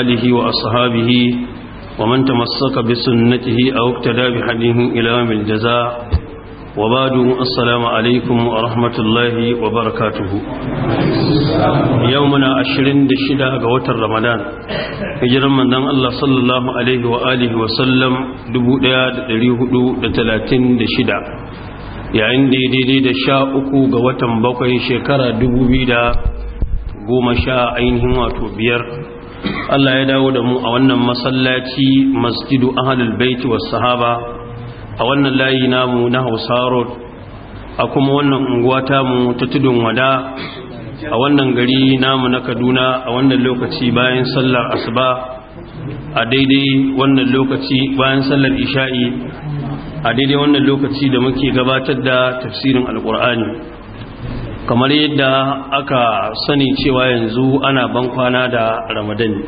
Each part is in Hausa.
آله وأصحابه ومن تمسك بسنته أو اقتدى بحديه إلى يوم الجزاء وبعد السلام عليكم ورحمة الله وبركاته يومنا عشرين دشدا قوات رمضان هجر من دان الله صلى الله عليه وآله وسلم دبو دياد دريهدو دتلاتين دشدا yayin daidai da sha uku ga watan bakwai shekara dubu biyu da goma sha ainihin wato biyar Allah ya dawo da mu a wannan masallaci masjidu ahlul baiti was sahaba a wannan layi namu na Hausa road a kuma wannan unguwa ta mu ta tudun wada a wannan gari namu na Kaduna a wannan lokaci bayan sallar asuba a daidai wannan lokaci bayan sallar isha'i a daidai wannan lokaci da muke gabatar da tafsirin alkur'ani kamar yadda aka sani cewa yanzu ana ban kwana da ramadani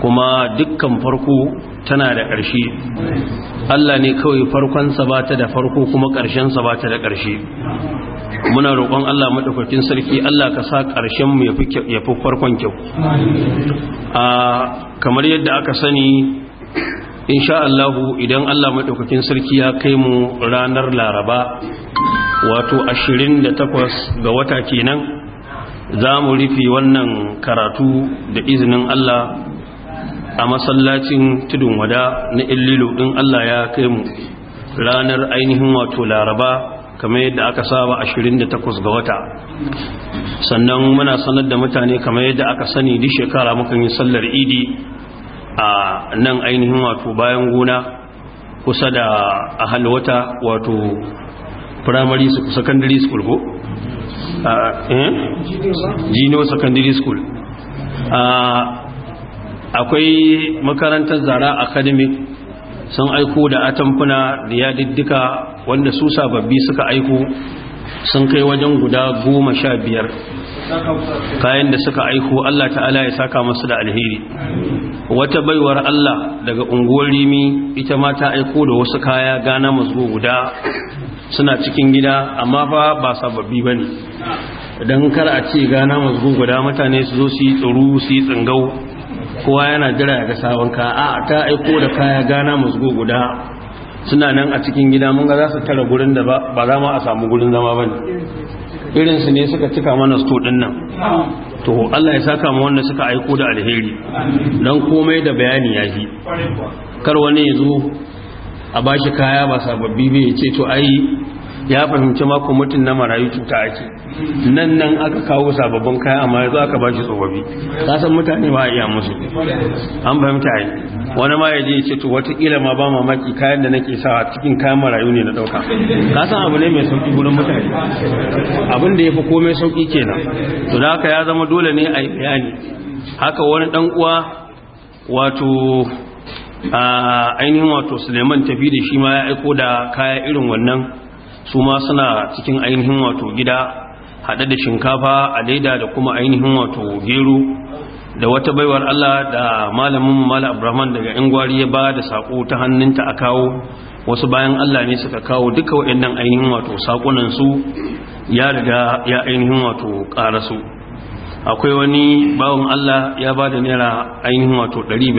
kuma dukkan farko tana da ƙarshe Allah ne kawai farkonsa ba ta da farko kuma ƙarshensa ba ta da ƙarshe muna roƙon Allah maɗaukakin sarki Allah ka sa ƙarshen mu ya fi farkon kyau ah, kamar yadda aka sani insha Allahu idan Allah maɗaukakin sarki ya kai mu ranar laraba wato 28 ga wata kenan za mu rufe wannan karatu da izinin Allah a masallacin tudun wada na illilo ɗin Allah ya kai mu ranar ainihin wato laraba kamar yadda aka saba 28 ga wata sannan muna sanar da mutane kamar yadda aka sani duk shekara mukan yi sallar idi a nan ainihin wato bayan gona kusa da a halwata wato primary secondary school ko eh? jino secondary school akwai makarantar zara academy sun aiko da atamfuna da yadiddika wanda su sababbi suka aiko sun kai wajen guda goma sha biyar kayan da suka aiko Allah ta'ala ya saka masu da alheri wata baiwar Allah daga unguwar rimi ita ma ta aiko da wasu kaya gana masu guda suna cikin gida amma fa ba sababbi ba ne don kar a ce gana masu guda mutane su zo su yi tsoro su yi tsingau kowa yana jira ga sabon ka a ta aiko da kaya gana masu guda suna nan a cikin gida mun ga za su tara gurin da ba za ma a samu gurin zama ba ne irin su ne suka cika mana sto din nan to Allah ya saka mu wanda suka aiko da alheri don komai da bayani ya yi kar wani ya zo a bashi kaya ba sababbi bai ce to ai ya fahimci mako mutum na marayu cuta ake nan nan aka kawo sababbin kaya amma zo aka bashi tsofaffi kasan mutane ba a iya musu an fahimta yi wani ma ya je ce to watakila ma ba mamaki kayan da nake sawa cikin kayan marayu ne na dauka kasan abu ne mai sauki gudun mutane abin da ya fi komai sauki kenan to da haka ya zama dole ne a yi bayani haka wani dan uwa wato a ainihin wato suleiman tafi da shi ma ya aiko da kaya irin wannan su ma suna cikin ainihin wato gida haɗe da shinkafa a daida da kuma ainihin wato gero da wata baiwar Allah da malamin mala Abrahman daga gwari ya ba da saƙo ta hannunta a kawo wasu bayan Allah ne suka kawo duka waɗannan ainihin wato sakonan su ya riga ya ainihin wato ƙarasu akwai wani bawon Allah ya ba da naira ainihin wato ɗari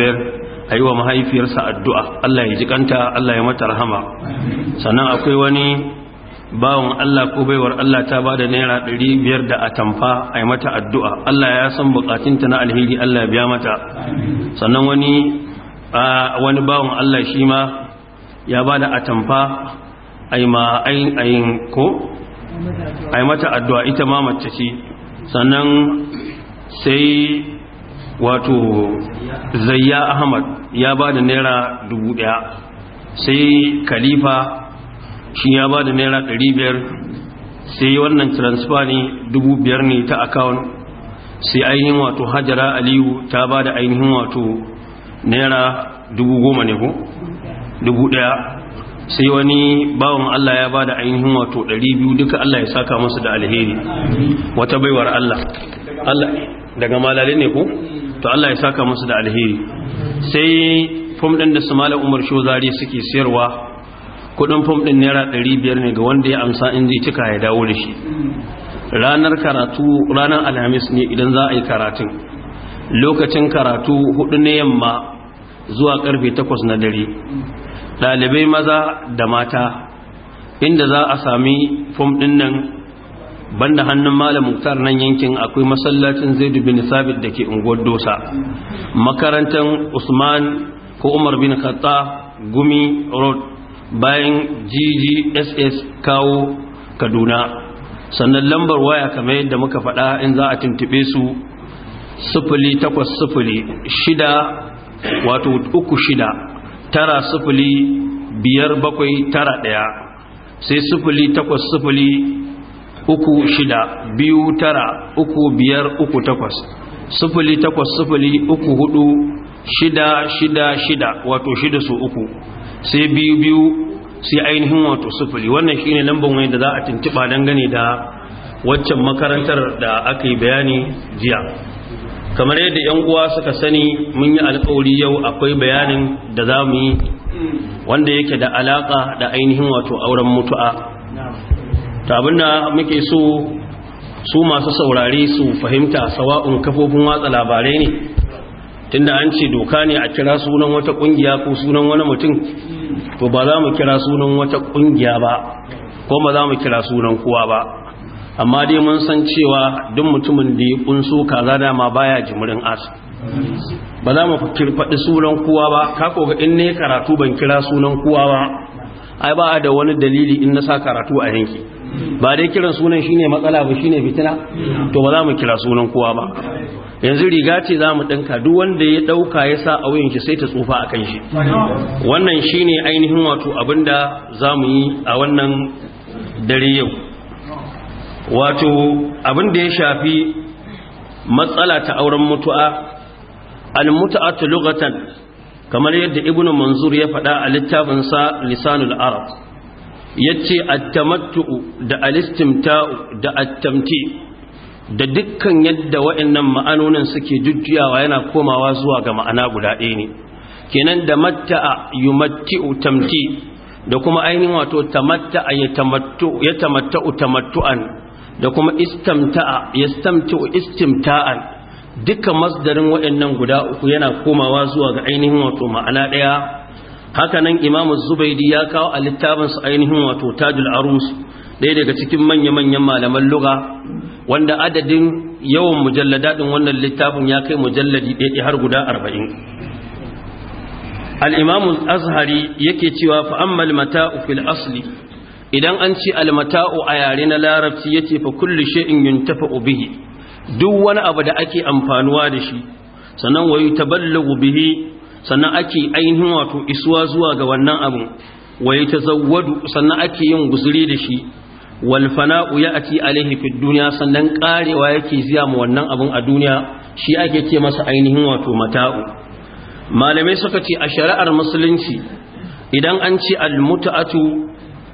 500 a yi wa mahaifiyarsa addu'a Allah ya jikanta Allah ya mata rahama sannan akwai wani Bawon Allah ko baiwar Allah ta ba da naira ɗari biyar da a tamfa a yi mata addu'a Allah ya san bukatunta na alheri Allah ya biya mata sannan wani wani bawan Allah shi ma ya ba da atamfa a yi ma ainihin ko a yi mata addu'a ita ma mace ce sannan sai wato zayya ahmad ya ba da naira dubu ɗaya sai khalifa shi ya ba da naira 500 sai wannan transfer ne 5,000 ne ta account sai ainihin wato hajara aliyu ta ba da ainihin wato naira 10,000 ne ko 1,000 sai wani bawan Allah ya ba da ainihin wato 200 duka Allah ya saka masu da alheri wata baiwar Allah daga malalai ne ko to Allah ya saka masu da alheri sai fom ɗin da su malar umar shozari suke siyarwa kudin fom din naira 500 ne ga wanda ya amsa in zai cika ya dawo da shi ranar karatu ranar alhamis ne idan za a yi karatu lokacin karatu hudu na yamma zuwa karfe takwas na dare ɗalibai maza da mata inda za a sami fom din nan banda hannun malam muktar nan yankin akwai masallacin zaidu bin sabit da ke unguwar dosa makarantar usman ko umar bin khattab gumi road bayan ggss kawo kaduna sannan lambar waya kamar yadda muka faɗa in za a tuntube su sufuli takwas sufuli shida wato uku shida tara sufuli biyar bakwai tara ɗaya sai sufuli takwas sufuli uku shida biyu tara uku biyar uku takwas sufuli takwas sufuli uku hudu shida shida shida wato shida su uku sai biyu biyu sai ainihin wato sufuri wannan shi ne lambar wani da za a tuntuɓa dangane da waccan makarantar da aka yi bayani jiya kamar yadda 'yan uwa suka sani mun yi alkawari yau akwai bayanin da za mu yi wanda yake da alaƙa da ainihin wato auren mutu'a ta abinda muke so su masu saurari su fahimta sawa'un kafofin watsa labarai ne tunda an ce doka ne a kira sunan wata kungiya ko sunan wani mutum to ba za mu kira sunan wata kungiya ba ko ba za mu kira sunan kowa ba amma dai mun san cewa duk mutumin da ya kunso kaza dama baya jimirin as ba za mu faɗi sunan kowa ba ka koga in ne karatu ban kira sunan kowa ba ai ba da wani dalili in na sa karatu a yanki ba dai kiran sunan shine matsala ba shine fitina to ba za mu kira sunan kowa ba yanzu riga ce za mu ɗinka duk wanda ya ɗauka ya sa a wuyan shi sai ta tsufa a kan shi wannan shine ainihin wato abin za mu yi a wannan dare yau wato abin da ya shafi matsala ta auren mutu'a al-mutu'atu lughatan kamar yadda ibnu manzur ya faɗa a littafin sa lisanul arab yace at-tamattu da al-istimta'u da at-tamti da dukkan yadda wa'annan ma'anonin suke jujjuyawa yana komawa zuwa ga ma'ana guda ɗaya ne kenan da matta'a yumatti'u tamti da kuma ainihin wato tamatta'a ya yatamatta'u tamattu'an da kuma istamta'a yastamti'u istimta'an dukkan masdarin wa'annan guda uku yana komawa zuwa ga ainihin wato ma'ana ɗaya Hakanan nan imamu zubaidi ya kawo a littafinsa ainihin wato tajul arus ɗaya daga cikin manya-manyan malaman luga wanda adadin yawan mujalladadin wannan littafin ya kai mujalladi ɗaya har guda arba'in al'imamu azhari yake cewa fa'ammal mata'u fil asli idan an ci almata'u a yare na larabci ya ce fa kulli yin tafa bihi duk wani abu da ake amfanuwa da shi sannan wayu taballagu bihi sannan ake ainihin wato isuwa zuwa ga wannan abin wa ya zawadu sannan ake yin guzuri da shi wal fana'u ya'ti alaihi fid dunya sannan karewa yake ziya ma wannan abin a duniya shi ake ce masa ainihin wato mata'u malamai suka ce a shari'ar musulunci idan an ce al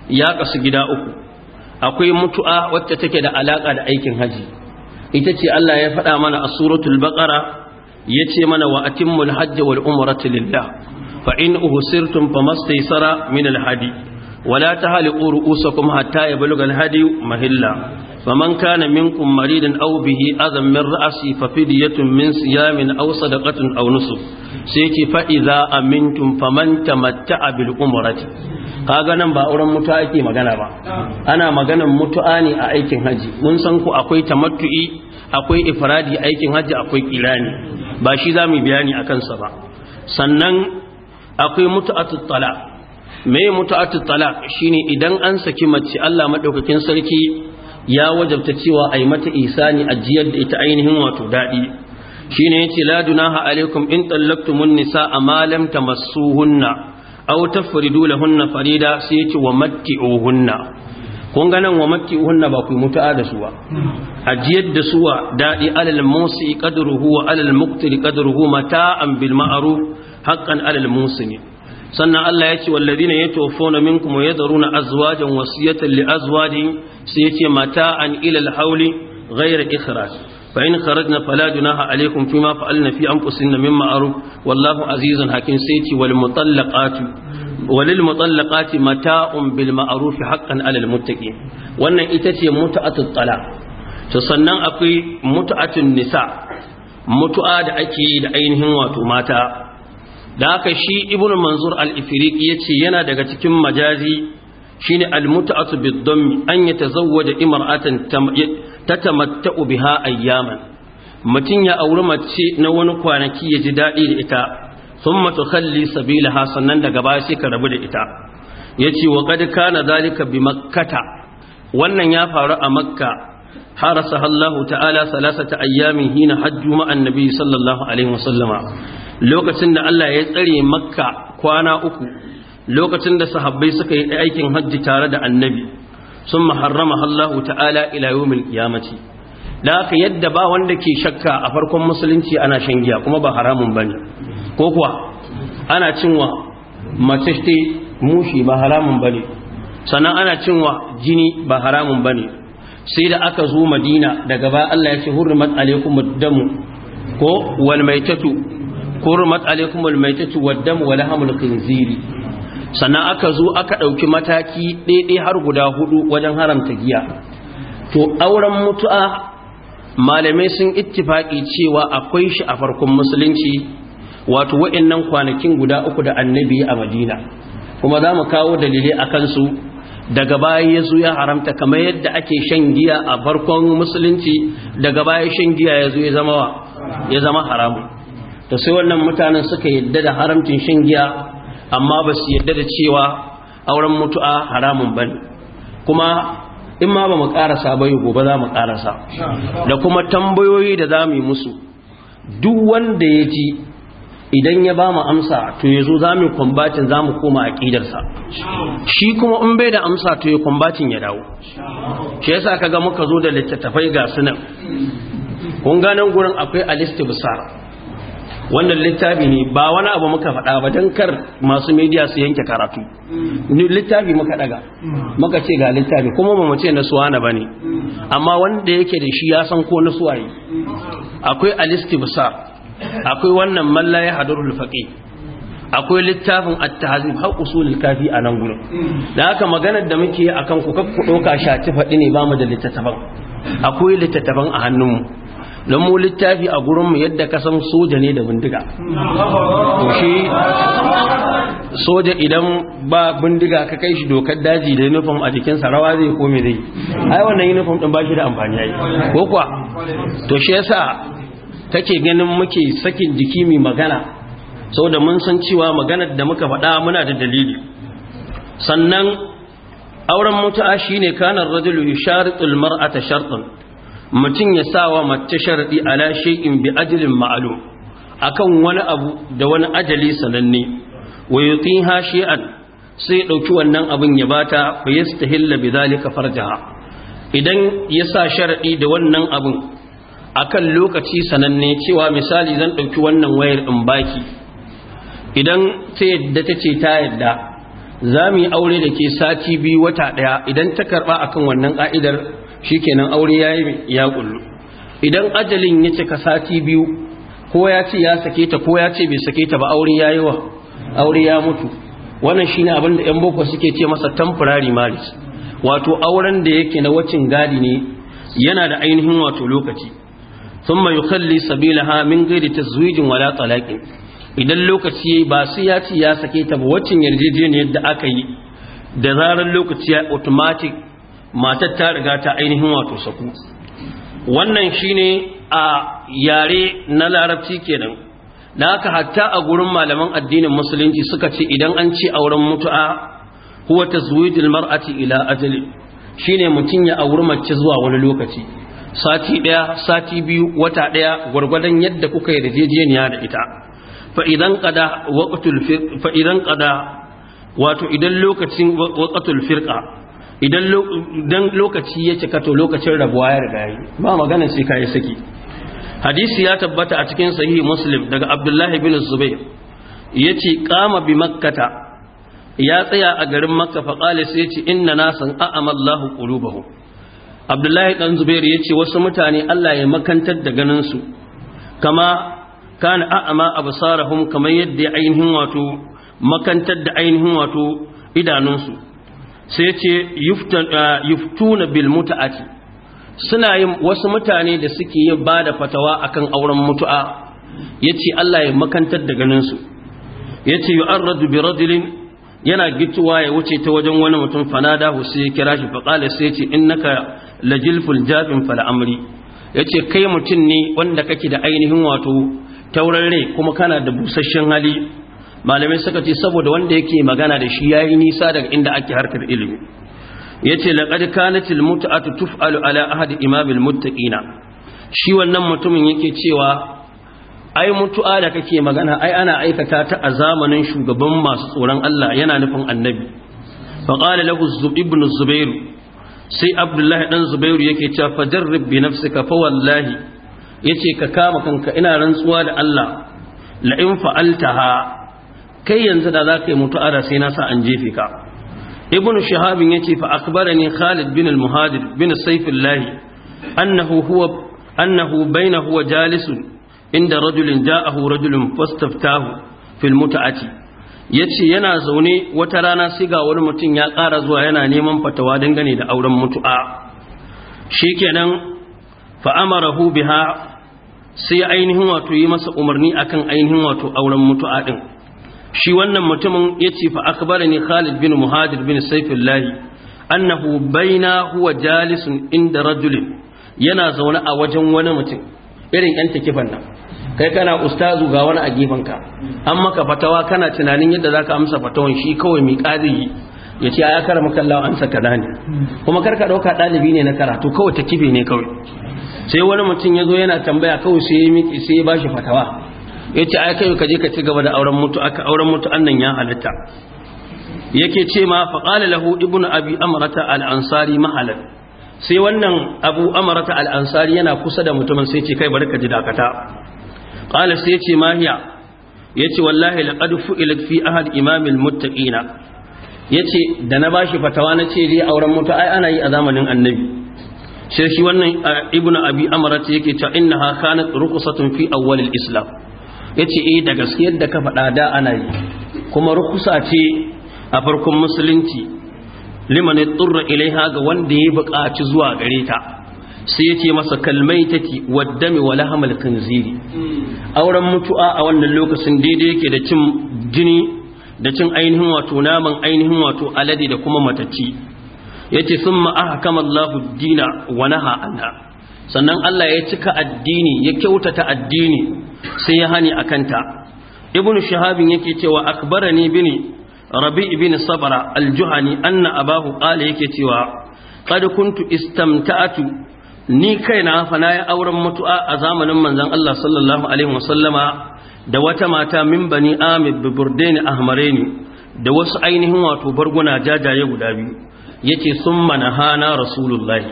ya kasu gida uku akwai mutu'a wacce take da alaka da aikin haji ita ce Allah ya faɗa mana a suratul baqara ya ce mana wa atimmul hajji wal umrata lillah fa in uhsirtum ta min al hadi wala tahliqu ru'usakum hatta yablugha al hadi mahilla faman kana minkum maridan aw bihi adam min ra'si fa fidyatun min siyamin aw sadaqatin aw nusuk sai ki fa idza amintum faman tamatta'a bil umrati kaga nan ba auren mutu ake magana ba ana maganan mutu'a ne a aikin haji mun san ku akwai tamatu'i, akwai ifradi aikin haji akwai kirani ba shi za mu bayani a kansa ba sannan akwai mutu'atul tala me mutu'atul tala shine idan an saki mace Allah madaukakin sarki ya wajabta cewa ai mata isani ajiyar da ita ainihin wato dadi shine yace la dunaha alaikum in tallaqtumun nisaa ma lam tamassuhunna aw tafridu lahunna farida sai yace wa matti'uhunna kun ga nan wa makki hunna ba ku mutu'a da su ba ajiyar da suwa dadi alal musi qadruhu wa alal muqtil qadruhu mata'an bil ma'ruf haqqan alal musini sannan Allah ya ce wallazina ya minkum wa yadharuna azwajan wasiyatan li azwajin sai ya ce mata'an ila al hawli ghayra ikhraj فإن خرجنا فلا جناح عليكم فيما فعلنا في أنفسنا من معروف والله عزيز حكيم سيتي والمطلقات وللمطلقات متاع بالمعروف حقا على المتقين وأن إتتي متعة الطلاق تصنع أقي متعة النساء متعة أكيد عينهم وتماتا ذاك شيء ابن منظور الإفريقي يتي ينا دقتكم مجازي شين المتعة بالضم أن يتزوج امرأة تم tatamatta'u biha ayyaman mutum ya auri mace na wani kwanaki ya ji daɗi da ita thumma tukhalli sabilaha sannan daga baya sai ka rabu da ita Ya ce wa qad kana zalika bi makkata wannan ya faru a makka harasa Allah ta'ala salasata ayyamin hina hajju ma'an nabi sallallahu alaihi wasallama lokacin da Allah ya tsare makka kwana uku lokacin da sahabbai suka yi aikin hajji tare da annabi sun maharrama Allah ta'ala ila yawmin qiyamati da haka yadda ba wanda ke shakka a farkon musulunci ana shan giya kuma ba haramun ne. ko kuwa ana cinwa mace ce mushi ba haramun ne. sannan ana cinwa jini ba haramun bane sai da aka zo Madina daga baya Allah ya ce hurrimat alaikum damu ko wal maitatu hurrimat alaikum al maitatu wad damu wa lahamul khinziri sannan aka zo aka ɗauki mataki ɗaiɗai har guda hudu wajen haramta giya to auren mutu'a malamai sun ittifaƙi cewa akwai shi a farkon musulunci wato wa'annan kwanakin guda uku da annabi a madina kuma za mu kawo dalili a kansu daga baya ya zo ya haramta kamar yadda ake shan giya a farkon musulunci daga baya shan giya ya zo ya zama haramu da sai wannan mutanen suka yadda da haramcin shan giya amma ba su yadda da cewa auren mutu'a haramun ba kuma in ma ba mu karasa ba gobe za mu karasa da kuma tambayoyi da za mu yi musu duk wanda ya ji idan ya ba mu amsa to ya zo za mu kwambatin za mu koma a ƙidarsa. shi kuma in bai da amsa to ya kwambatin ya dawo shi ka ga muka zo da littattafai ga sunan kun ganin gurin akwai alistibsar wannan littafi ne ba wani abu muka faɗa ba don kar masu media su yanke karatu littafi muka daga muka ce ga littafi kuma ba mu ce na suwana ba ne amma wanda yake da shi ya san ko na suwaye akwai alistibsa akwai wannan mallaye hadurul faqi akwai littafin at-tahzib har usulul kafi a nan gurin da haka maganar da muke akan ku kakku doka shati faɗi ne ba mu da littattafan akwai littattafan a hannunmu don mu littafi a gurinmu yadda ka san soja ne da bindiga to shi soja idan ba bindiga ka kai shi dokar daji da uniform a jikinsa rawa zai kome zai ai wannan uniform din ba shi da amfani yayi ko kuwa to shi yasa take ganin muke sakin jiki mai magana saboda mun san cewa maganar da muka faɗa muna da dalili sannan auren mutu'a shine kanar rajulu yusharitul mar'ata shartun mutum ya sa sawa mace a ala in bi ajalin a kan wani abu da wani ajali sananne wa hashe shay'an sai ya wannan abin ya bata hila bi zalika farjaha idan ya sa sharaɗi da wannan abin a kan lokaci sananne cewa misali zan ɗauki wannan wayar in baki idan ta yadda ta ce ta yadda za mu yi aure da ke sati biyu wata ɗaya idan ta karɓa akan wannan ƙa'idar shikenan aure yi ya kullu idan ajalin ya cika sati biyu ko ya ce ya sake ta ko ya ce bai sake ta ba aure ya yi wa aure ya mutu wannan shine abin da yan boko suke ce masa temporary marriage wato auren da yake na wacin gadi ne yana da ainihin wato lokaci thumma yukhalli sabilaha min ghairi tazwijin wala talaqin idan lokaci ba su ya ce ya sake ta ba wacin yarjejeniyar da aka yi da zarar lokaci ya automatic matar ta riga ta ainihin wato saku wannan shine a yare na larabci kenan da haka hatta a gurin malaman addinin musulunci suka ce idan an ce auren mutu'a huwa tazwijul mar'ati ila ajali shine mutum ya auri mace zuwa wani lokaci sati daya sati biyu wata daya gurgurdan yadda kuka yi rajejeniya da ita fa idan qada waqtul fa idan qada wato idan lokacin waqtul firqa idan lokaci ya cika to lokacin rabuwa ya riga yi ba magana sai kai saki hadisi ya tabbata a cikin sahihi muslim daga abdullahi bin zubair yace qama bi makkata ya tsaya a garin makka fa qala sai yace inna nasan a'ama Allahu qulubahum abdullahi dan zubair yace wasu mutane Allah ya makantar da ganin su kama kana a'ama absarahum kamar yadda ainihin wato makantar da ainihin wato idanunsu sai ce uh, yuftuna bil muta'ati suna yin wasu mutane da suke yin ba da fatawa akan auren mutu'a yace Allah ya makantar da ganin su yace yu'arradu bi rajulin yana gituwa ya wuce ta wajen wani mutum fanada hu sai kira shi faqala sai yace innaka lajilful jafin fal amri yace kai mutum ne wanda kake da ainihin wato tauran rai kuma kana da busasshen hali malamai suka ce saboda wanda yake magana da shi yayi nisa daga inda ake harkar ilimi yace laqad kanatil mut'atu tuf'alu ala ahadi imamil muttaqina shi wannan mutumin yake cewa ai mutu'a da kake magana ai ana aikata ta a zamanin shugaban masu tsoron Allah yana nufin annabi fa qala lahu ibn zubair sai abdullahi dan zubair yake cewa fajarrib bi nafsika fa wallahi yace ka kama kanka ina rantsuwa da Allah la in fa'altaha kai yanzu da za ka yi mutu'ada sai na sa an jefe ka ibnu shahabin yace fa akhbarani khalid bin al-muhajir bin sayfillah annahu huwa annahu bainahu wa jalisun inda rajulin ja'ahu rajulun fastaftahu fil mut'ati yace yana zaune wata rana sai ga wani mutum ya ƙara zuwa yana neman fatawa dangane da auren mutu'a shikenan fa amarahu biha sai ainihin wato yi masa umarni akan ainihin wato auren mutu'a din shi wannan mutumin ya ce fa ni Khalid bin Muhadir bin Saifullahi annahu baina huwa jalisun inda rajulin yana zaune a wajen wani mutum irin yan takifan nan kai kana ustazu ga wani a gefanka an maka fatawa kana tunanin yadda zaka amsa fatawan shi kawai mi qadi ya ce ya kara maka an saka dani kuma kar ka dauka dalibi ne na karatu kawai kife ne kawai sai wani mutum ya zo yana tambaya kawai sai ya miki sai ya bashi fatawa yace ce kai ka kaje ka ci gaba da auren mutu aka auren mutu annan ya halatta yake ce ma fa lahu ibnu abi amrata al ansari mahalan sai wannan abu amrata al ansari yana kusa da mutumin sai ce kai bari ka ji dakata qala sai ce ma Ya ce wallahi laqad fu'ilat fi ahad imamil muttaqina ce da na bashi fatawa na ce dai auren mutu ai ana yi a zamanin annabi sai shi wannan ibnu abi amara ce yake cewa innaha kanat ruqsatun fi awwalil islam ya ce eh da gaskiyar da ka faɗa da ana yi kuma rukusa ce a farkon musulunci liman turra ilaiha ga wanda ya buƙaci zuwa gare ta sai ya ce masa kalmai take waddami wa lahamal Ziri. Hmm. auren mutu'a a wannan lokacin daidai yake da cin jini da cin ainihin wato naman ainihin wato alade da kuma matacci ce sun ahkama Allahu ad-dina wa naha sannan Allah ya cika addini ya kyautata addini sai ya hani a kanta ibn shahabin yake cewa akbarani bin rabi ibn sabara aljuhani anna abahu qala yake cewa qad kuntu istamta'tu ni kaina fa na yi auren mutu'a a zamanin manzon Allah sallallahu alaihi wasallama da wata mata min bani amir bi burdaini da wasu ainihin wato barguna jajaye guda biyu yace mana 'Hana rasulullahi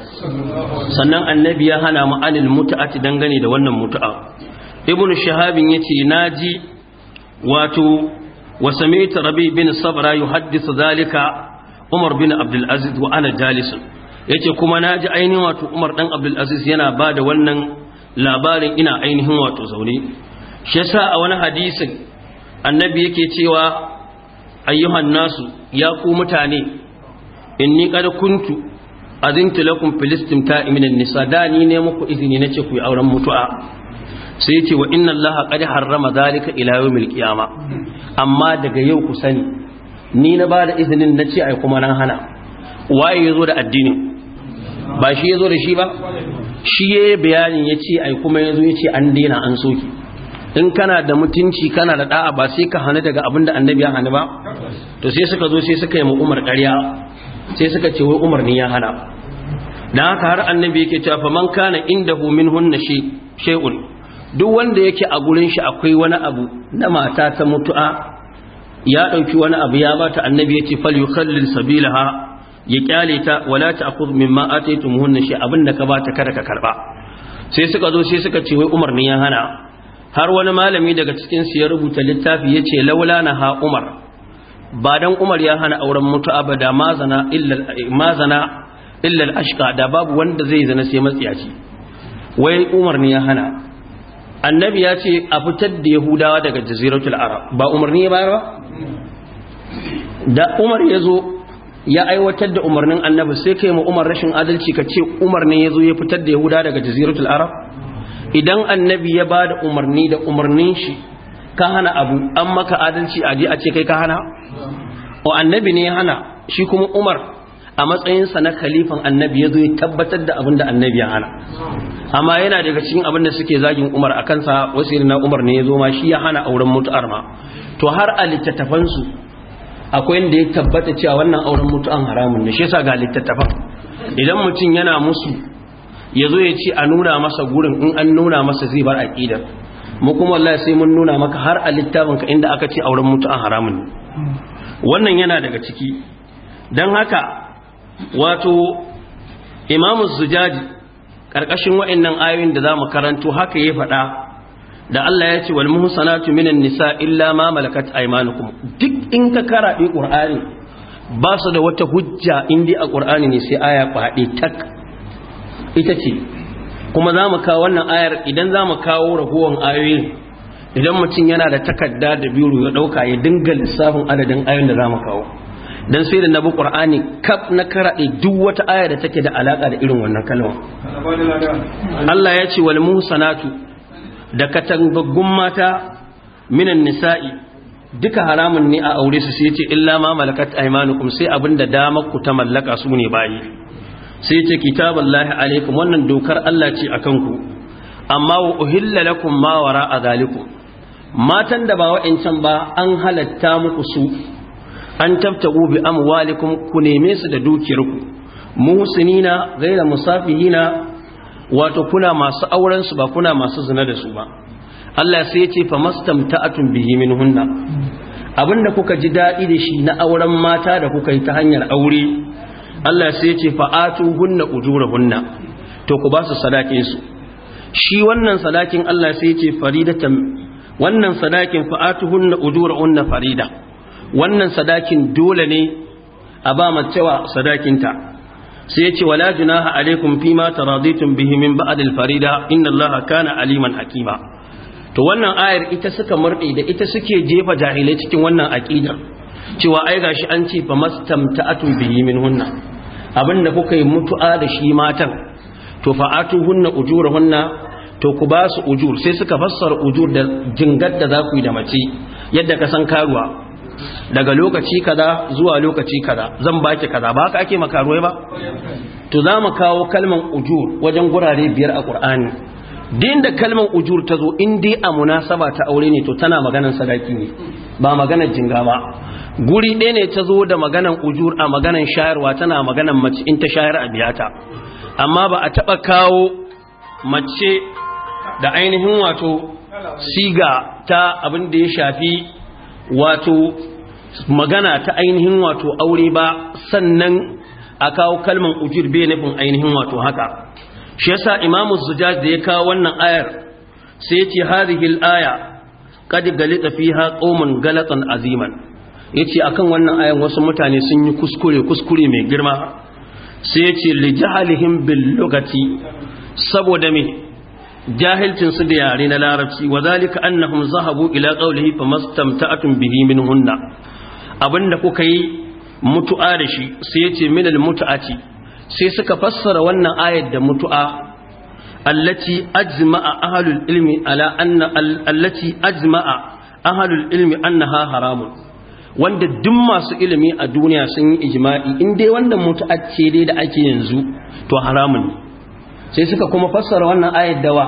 sannan annabi ya hana mu anil mutu'ati dangane da wannan mutu'a Ibnu shahabin yace naji na ji wato rabi bin sabra yuhaddisu zalika umar bin Abdul aziz wa ana jalisun ya kuma naji ji ainihin wato umar dan Abdul aziz yana bada wannan labarin ina ainihin wato zaune shi yasa a wani hadisin annabi yake cewa ayyuhan nasu ya ku mutane inni qad kuntu azintu lakum filistim ta nisa da ni ne muku izini nace ku yi auren mutu'a sai ce wa inna Allah qad harrama zalika ila yawmil qiyama amma daga yau ku sani ni na ba da izinin na ce ai kuma nan hana waye yazo da addinin ba shi yazo da shi ba shi yayi bayanin yace ai kuma yazo yace an daina an soki in kana da mutunci kana da da'a ba sai ka hana daga abin da annabi ya hana ba to sai suka zo sai suka yi mu umar ƙarya sai suka ce wai umar ne ya hana dan haka har annabi yake cewa fa man kana indahu minhun shi shay'un duk wanda yake a gurin shi akwai wani abu na mata ta mutu'a ya ɗauki wani abu ya bata annabi yace ce fal yukhallil sabilaha ya kyale ta wala ta'khudh mimma ataytumuhunna shi abinda ka bata kada ka karba sai suka zo sai suka ce wai Umar ne ya hana har wani malami daga cikin su ya rubuta littafi yace laula na ha Umar ba dan Umar ya hana auren mutu'a ba da mazana illa mazana illa al-ashqa da babu wanda zai zana sai matsiyaci wai Umar ne ya hana annabi ya ce a fitar da yahudawa daga jaziratul arab ba umarni ya bayar ba da umar ya zo ya aiwatar da umarnin annabi sai kai ma umar rashin adalci ka ce umar ne ya zo ya fitar da yahuda daga jaziratul arab idan annabi ya ba da umarni da umarnin shi ka hana abu an maka adalci a je a ce kai ka hana o annabi ne ya hana shi kuma umar a matsayinsa na khalifan annabi ya zo ya tabbatar da abin da annabi ya hana amma yana daga cikin abin da suke zagin umar a kansa wasu na umar ne ya zo ma shi ya hana auren mutu'ar ma to har a littattafansu akwai inda ya tabbata cewa wannan auren mutu'an haramun ne shi yasa ga littattafan idan mutum yana musu ya zo ya ce a nuna masa gurin in an nuna masa zai bar ƙidar, mu kuma wallahi sai mun nuna maka har a littafin ka inda aka ce auren mutu'an haramun ne wannan yana daga ciki don haka wato imamu zujaji ƙarƙashin wa'annan ayoyin da zamu karanto haka ya faɗa da Allah ya ce wal muhsanatu minan nisa illa ma malakat aymanukum duk in ka karabi qur'ani ba su da wata hujja indi a qur'ani ne sai aya kwade tak ita ce kuma za mu kawo wannan ayar idan zamu kawo ragowan ayoyin idan mutum yana da takarda da biro ya ɗauka ya dinga lissafin adadin ayoyin da zamu kawo dan sai da na bi qur'ani kaf na karaɗe duk wata aya da take da alaka da irin wannan kalmar Allah ya ce wal musanatu da katangaggun mata minan nisa'i duka haramun ne a aure su sai ce illa ma malakat aymanukum sai abinda damar ku ta mallaka su ne bayi sai ce kitaballahi alaikum wannan dokar Allah ce akan ku amma wa uhilla lakum ma wara'a zalikum matan da ba wa'ancan ba an halatta muku su an tafta bi amwalikum ku neme su da dukiyarku muhsinina gaira musafihina wato kuna masu auren su ba kuna masu zina da su ba Allah sai ya ce fa mastamta'atun bihi hunna abinda kuka ji dadi da shi na auren mata da kuka yi ta hanyar aure Allah sai ya ce fa ujura hunna, to ku ba su sadakin su shi wannan sadakin Allah sai ya ce faridatan wannan sadakin fa ujura hunna farida wannan sadakin dole ne a ba macewa sadakinta sai yace wala junaha alaikum ma taraditum bihi min ba'd al-farida inna allaha kana aliman hakima to wannan ayar ita suka murde da ita suke jefa jahilai cikin wannan aqidar cewa ai gashi an ce fa mastamta'atu bihi min hunna abinda kuka yi mutu'a da shi matan to fa atuhunna hunna to ku ba su ujur sai suka fassara ujur da jingar da za ku yi da mace yadda ka san karuwa daga lokaci kaza zuwa lokaci kaza zan baki kaza ba haka ake makaruwai ba to za mu kawo kalman ujur wajen gurare biyar a ƙur'ani din da kalman ujur ta zo in dai a munasaba ta aure ne to tana maganar sadaki ne ba maganar jinga ba guri ɗaya ne ta zo da maganan ujur a maganan shayarwa tana maganan mace in ta shayar a biyata amma ba a taɓa kawo mace da ainihin wato siga ta abin da ya shafi wato magana ta ainihin wato aure ba sannan a kawo kalman ujir bai nufin ainihin wato haka shi yasa imamu zujaj da ya kawo wannan ayar sai ya ce hadhihi al-aya qad galita fiha qauman galatan aziman yace akan wannan ayan wasu mutane sun yi kuskure kuskure mai girma sai ya ce li jahalihim bil lugati saboda me jahilcin su da yare na larabci wa zalika annahum zahabu ila qawlihi famastamta'atun bihi minhunna abinda kuka yi mutu'a da shi sai yace minal mutu'ati sai suka fassara wannan ayat da mutu'a allati ajma'a ahlul ilmi ala anna allati ajma'a ahlul ilmi annaha haramun wanda duk masu ilimi a duniya sun yi ijma'i in dai wannan mutu'a ce dai da ake yanzu to haramun ne sai suka kuma fassara wannan ayat dawa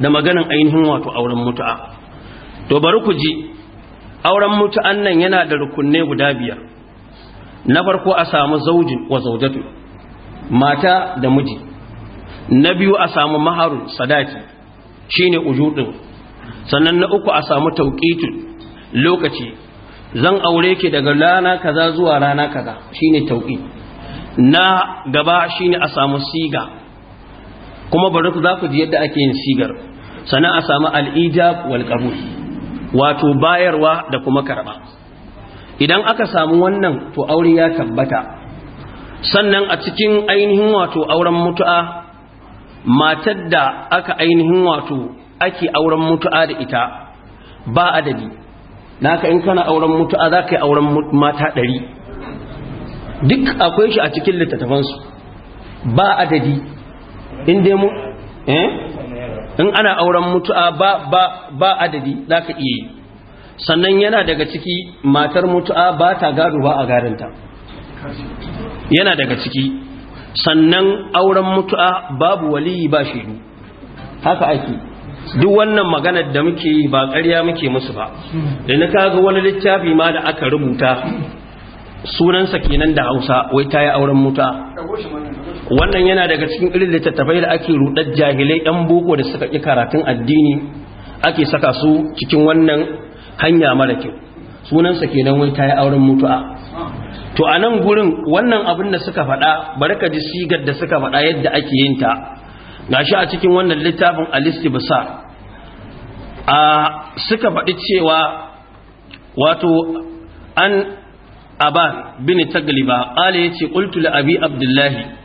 da maganan ainihin wato auren mutu'a to bari ku ji auren mutu annan yana da rukunne guda biyar na farko a samu zaujin wa zaujatu mata da miji na biyu a samu maharu sadaki shine ujudin sannan na uku a samu tauqitu lokaci zan aure ki daga rana kaza zuwa rana kaza shine tauqi na gaba shine a samu siga kuma bari ku za ku ji yadda ake yin sigar sannan a samu al-ijab wal qabul wato bayarwa da kuma karba idan aka samu wannan to aure ya tabbata sannan a cikin ainihin wato auren mutu'a matar da aka ainihin wato ake auren mutu'a da ita ba adadi naka in kana auren mutu'a za ka yi auren mata ɗari duk akwai shi a cikin littattafansu ba adadi in dai mu eh in ana auren mutu'a ba ba ba adadi zaka iya yi sannan yana daga ciki matar mutu'a ba ta gado ba a ta. yana daga ciki sannan auren mutu'a babu waliyi ba shaidu haka ake duk wannan maganar da muke yi ba ƙarya muke musu ba da na kaga wani littafi ma da aka rubuta sunansa kenan da hausa wai ta yi auren mutu'a wannan yana daga cikin irin littattafai da ake rudar jahilai yan boko da suka ƙi karatun addini ake saka su cikin wannan hanya mara kyau sunansa kenan wai ta yi auren mutu'a to a nan gurin wannan abin da suka faɗa bari ka ji sigar da suka faɗa yadda ake yin ta gashi a cikin wannan littafin bisa a suka faɗi cewa wato an aban bin tagliba qala yace qultu li abi abdullahi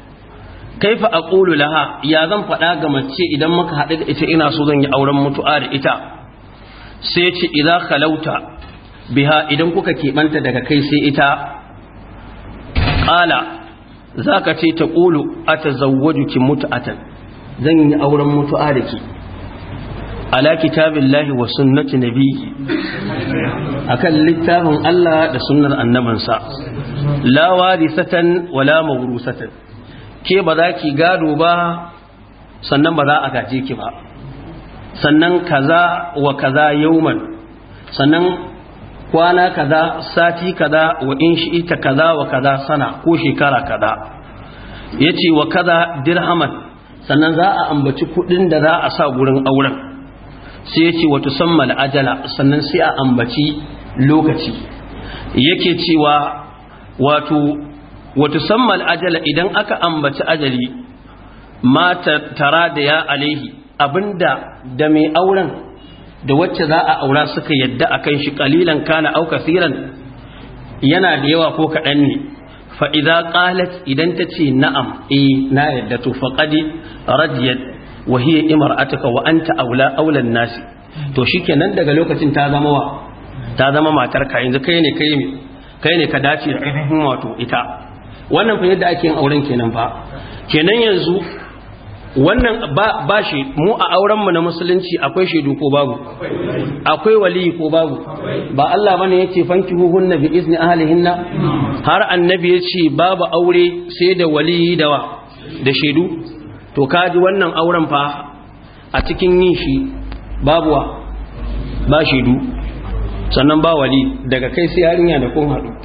kaifa Kulu laha ya zan faɗa ga mace idan muka haɗu da ita ina so zan yi auren mutu'a da ita sai ce idza biha idan kuka keɓanta daga kai sai ita za zaka ce ta qulu atazawwajuki mutu'atan zan yi auren mutu'a da ki ala kitabillahi wa sunnati a kan littafin Allah da sunnar annabansa la warisatan wala mawrusatan ke ba za ki gado ba sannan ba za a gaje ki ba sannan kaza wa kaza yauman sannan kwana kaza sati kaza wa in shi'ita kaza wa kaza sana ko shekara kaza yace wa kaza dirhaman sannan za a ambaci kudin da za a sa gurin auren sai yace wa tusammal ajala sannan sai a ambaci lokaci yake cewa wato wata sammal ajala idan aka ambaci ajali ma tara da ya alaihi abinda da mai auren da wacce za a aura suka yadda a kan shi kalilan kana au kasiran yana da yawa ko kaɗan ne fa'iza ƙalat idan ta ce na'am eh na yadda to faƙadi radiyar wahiyar imar ataka wa an aulan nasi to shi kenan daga lokacin ta zama wa ta zama matar ka yanzu kai ne kai ne ka dace da wato ita wannan fa yadda ake yin auren kenan fa kenan yanzu wannan ba shi mu a auren mu na musulunci akwai shaidu ko babu akwai waliyi ko babu ba Allah bane yace fankihuhunna bi izni ahlihinna har annabi yace babu aure sai da waliyi da da shaidu to kaji wannan auren fa a cikin yin shi babu ba shaidu sannan ba wali daga kai sai yarinya da kun haɗu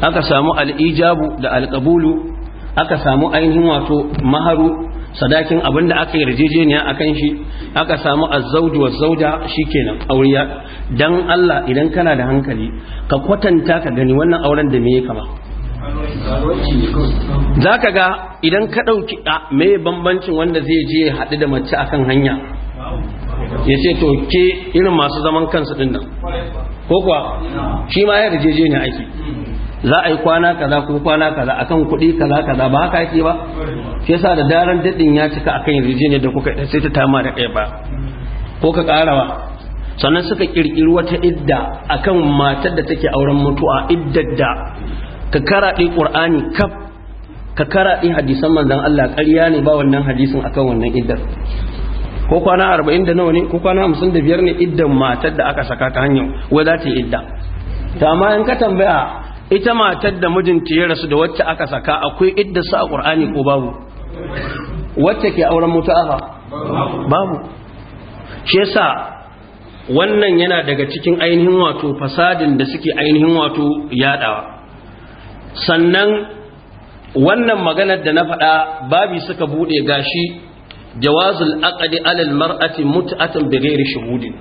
aka samu al'ijabu da alƙabulu aka samu ainihin wato maharu sadakin abin da aka yarjejeniya a kan shi aka samu azzauju wa zauja shikenan auriya Don Allah idan kana da hankali ka kwatanta ka gani wannan auren da me ya kama ka ga idan ka ɗauki a me bambancin wanda zai je ya haɗu da mace akan hanya ya ce to ke irin masu zaman kansu ɗin nan ko kuwa shi ma yarjejeniya ake za a yi kwana kaza ko kwana kaza akan kuɗi kaza kaza ba haka yake ba shi yasa da daren daɗin ya cika akan ne da kuka sai ta tama da ɗaya ba ko ka ƙarawa sannan suka ƙirƙiri wata idda akan matar da take auren mutuwa iddar da ka karaɗe ƙur'ani kaf ka karaɗe hadisan manzon Allah ƙarya ne ba wannan hadisin akan wannan iddar ko kwana arba'in da nawa ne ko kwana hamsin da biyar ne iddan matar da aka saka ta hanyar wai za ta yi idda ta amma in ka tambaya ita matar da mijinta ya rasu da wacce aka saka akwai idda su a ƙur'ani ko babu wacce ke auren mutu'afa babu shi yasa wannan yana daga cikin ainihin wato fasadin da suke ainihin wato yadawa sannan wannan maganar da na faɗa babi suka buɗe gashi jawazul aqdi alal mar'ati mut'atan bighairi shuhudin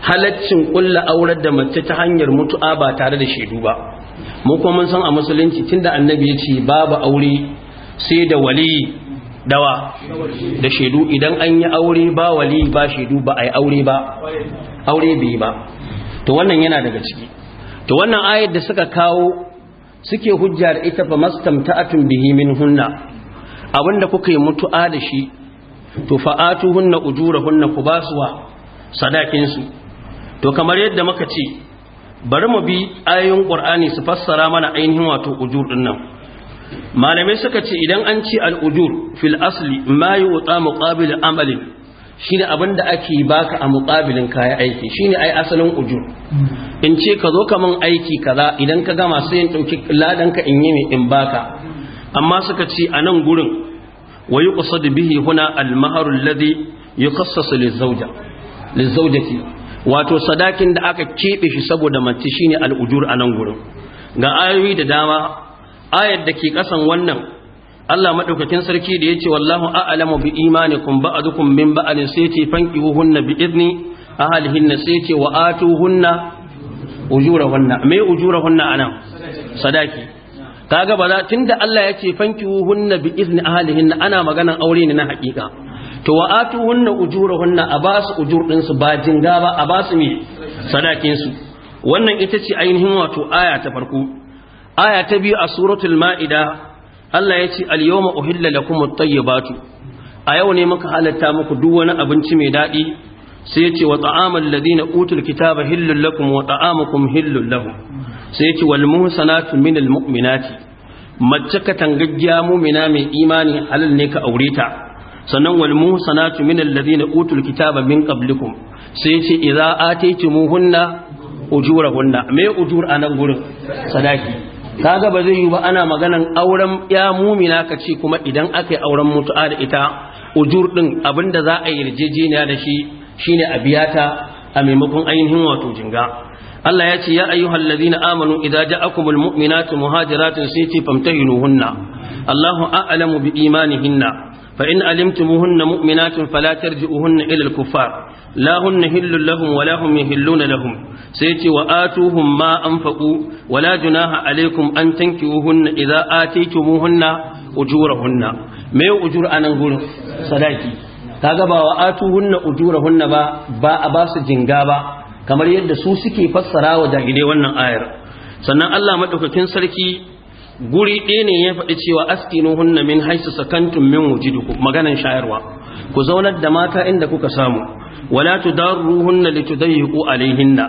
halaccin ƙulla aurar da mace ta hanyar mutu'a ba tare da shaidu ba mu kuma mun san a musulunci tunda annabi ya ce babu aure sai da wali dawa da shaidu idan an yi aure ba wali ba shaidu ba a aure ba aure bai ba to wannan yana daga ciki to wannan ayar da suka kawo suke hujjar ita fa mastamta'atun bihi min hunna abinda kuka yi mutu'a da shi to fa'atuhunna ujurahunna ku basuwa sadakin su to kamar yadda muka ce bari mu bi ayoyin qur'ani su fassara mana ainihin wato ujur din nan malamai suka ce idan an ce al-ujur fil asli ma yuta muqabil amali shine abin da ake baka a muqabilin kayan aiki shine ai asalin ujur in ce ka zo kaman aiki kaza idan ka gama sai in dauki ladan ka in yi mai in baka amma suka ce a nan gurin wa yuqsad bihi huna al-mahar alladhi yukhassas lizawja lizawjati wato sadakin da aka keɓe shi saboda mace shine al'ujur a nan gurin ga ayoyi da dama ayar da ke ƙasan wannan Allah madaukakin sarki da yace wallahu a'lamu bi imanikum ba'dukum min ba'd sai ce fankihuhunna bi idni ahlihinna sai ce wa atuhunna ujurahunna me ujurahunna anan sadaki kaga ba za tunda Allah yace fankihuhunna bi idni ahlihinna ana maganan aure ne na hakika? to wa atuhunna ujurahunna a ba su ujur din su ba jinga ba a ba su me sadakin su wannan ita ce ainihin wato aya ta farko aya ta biyu a suratul ma'ida Allah ya ce al-yawma uhilla lakum at-tayyibatu a yau ne muka halatta muku duk wani abinci mai daɗi sai ya ce wa ta'amal ladina utul kitaba hillul lakum wa ta'amukum hillul lahum sai ya ce wal muhsanatu minal mu'minati mace ka tangaggiya mu'mina mai imani halal ne ka aure ta sannan wal musanatu min alladhina utul kitaba min qablikum sai yace idza ataytumuhunna ujurahunna me ujur anan gurin sadaki kaga ba zai yi ba ana maganan auren ya mumina kace kuma idan aka yi auren mutu'a da ita ujur din abinda za a yi yarjejeniya da shi shine a biya ta a maimakon ainihin wato jinga Allah ya ce ya ayyuhal ladina amanu idza ja'akumul mu'minatu muhajiratun sayti famtahinuhunna Allahu a'lamu bi imanihinna فإن علمتموهن مؤمنات فلا ترجئوهن إلى الكفار لا هن هل لهم ولا هم يهلون لهم سيتي وآتوهم ما أنفقوا ولا جناح عليكم أن تنكوهن إذا آتيتموهن أجورهن ما أجور أنا نقول صداكي kaga ba wa atuhunna ujurahunna ba ba a ba su jinga ba kamar yadda su suke fassara wa jahilai wannan ayar sannan Allah madaukakin sarki guri ɗaya ne ya faɗi cewa aski na hunna min haisu sakantun min wujidukum maganan shayarwa ku zaunar da mata inda kuka samu wala tu tudarruhunna litudayyiqu alaihinna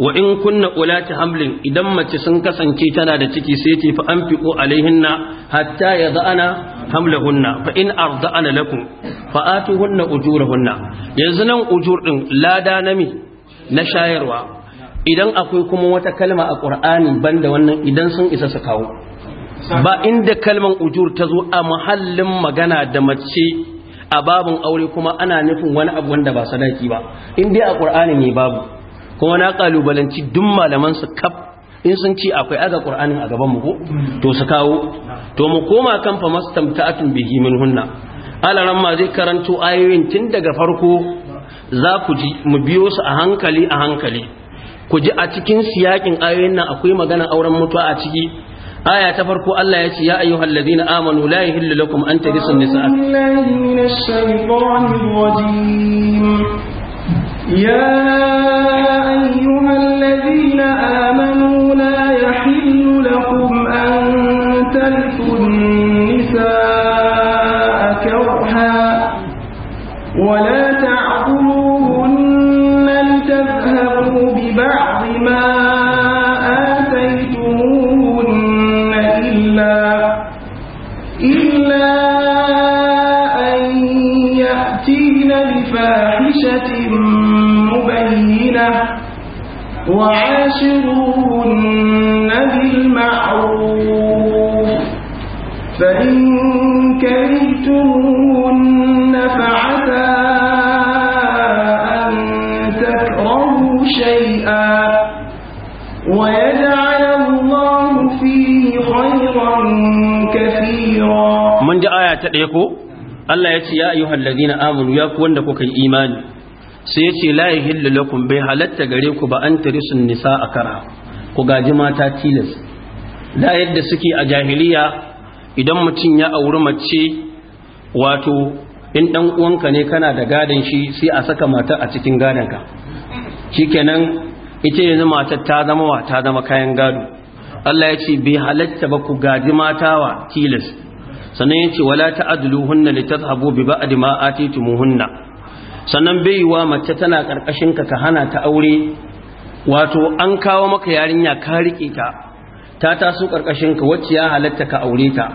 wa in kunna ulati hamlin idan mace sun kasance tana da ciki sai ce fa anfiqu alaihinna hatta yad'ana hamlahunna fa in arda'ana lakum fa atuhunna ujurahunna yanzu nan ujur din lada na na shayarwa idan akwai kuma wata kalma a qur'ani banda wannan idan sun isa su kawo ba inda kalman ujur ta zo a mahallin magana da mace a babin aure kuma ana nufin wani abu wanda ba sadaki ba in dai a ƙur'ani ne babu kuma na kalubalanci duk malaman su kaf in sun ce akwai aga qur'anin a gaban mu ko to su kawo to mu koma kan fa mastamta'atun bihi min hunna alaran ma zai karanto ayoyin tun daga farko za ku ji mu biyo su a hankali a hankali ku ji a cikin siyakin ayoyin nan akwai magana auren mutuwa a ciki aya ta farko Allah ya ce ya ayyuhal na amanu la yahillu lakum an tarisu nisaa billahi minash shaitanir وعاشرون بالمعروف فإن كرهتموهن فعسى أن تكرهوا شيئا ويجعل الله فيه خيرا كثيرا من جاء آية تأيكو الله ya ce ya ayyuhal ladina amanu ya ku sai ya ce la yahillu lakum bai halatta gare ku ba an tarisun nisa a kara ku gaji mata tilas da yadda suke a jahiliya idan mutum ya auri mace wato in dan uwanka ne kana da gadon shi sai a saka mata a cikin shi shikenan ita yanzu matar ta zama wa ta zama kayan gado Allah ya ce bai halatta ba ku gaji mata wa tilas sannan ya ce wala ta'adluhunna litazhabu bi ba'di ma atitumuhunna sannan bai wa mace tana karkashin ka hana ta aure wato an kawo maka yarinya ka rike ta ta taso karkashin ka wacce ya halatta ka aure ta